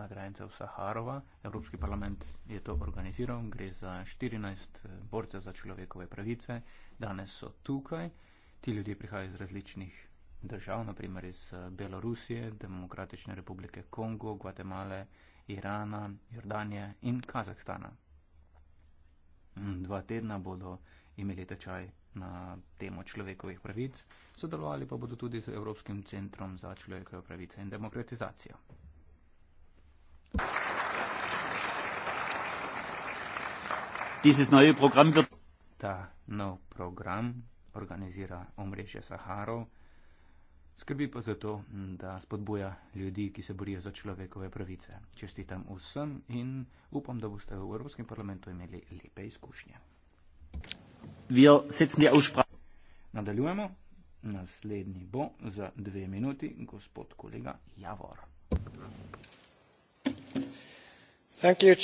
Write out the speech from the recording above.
na granicah Saharova. Evropski parlament je to organiziral, gre za 14 eh, borcev za človekove pravice. Danes so tukaj. Ti ljudje prihajajo iz različnih držav, naprimer iz eh, Belorusije, Demokratične republike Kongo, Gvatemale, Irana, Jordanije in Kazahstana. Dva tedna bodo imeli tečaj na temo človekovih pravic, sodelovali pa bodo tudi z Evropskim centrom za človekove pravice in demokratizacijo. Dieses neue Programm wird. Ta no program organizira omrežje Saharo, skrbi pa za to, da spodbuja ljudi, ki se borijo za človekove pravice. Čestitam vsem in upam, da boste v Evropskem parlamentu imeli lepe izkušnje. Nadaljujemo. Naslednji bo za dve minuti gospod kolega Javor. Thank you,